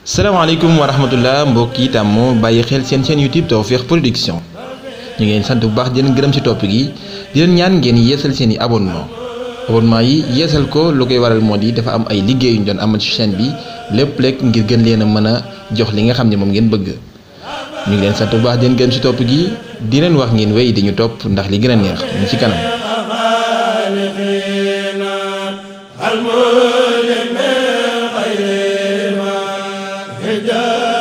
salaamaaleykum wa rahmatullah mbokk yi moo bàyyi xel seen chaîne YouTube Tawfekh Production ñu ngeen sant bu baax di leen gërëm ci topp gi di leen ñaan ngeen yeesal seen i abonnement abonnement yi yéesal ko lu koy waral moo di dafa am ay liggéey yu ñu doon amal ci chaîne bi lépp lekk ngir gën leen a mën a jox li nga xam ne moom ngeen bëgg ñu ngi leen sant bu baax di leen gërëm ci topp gi di leen wax ngeen wéy di topp ndax li gën a neex ñu ci kanam. jaa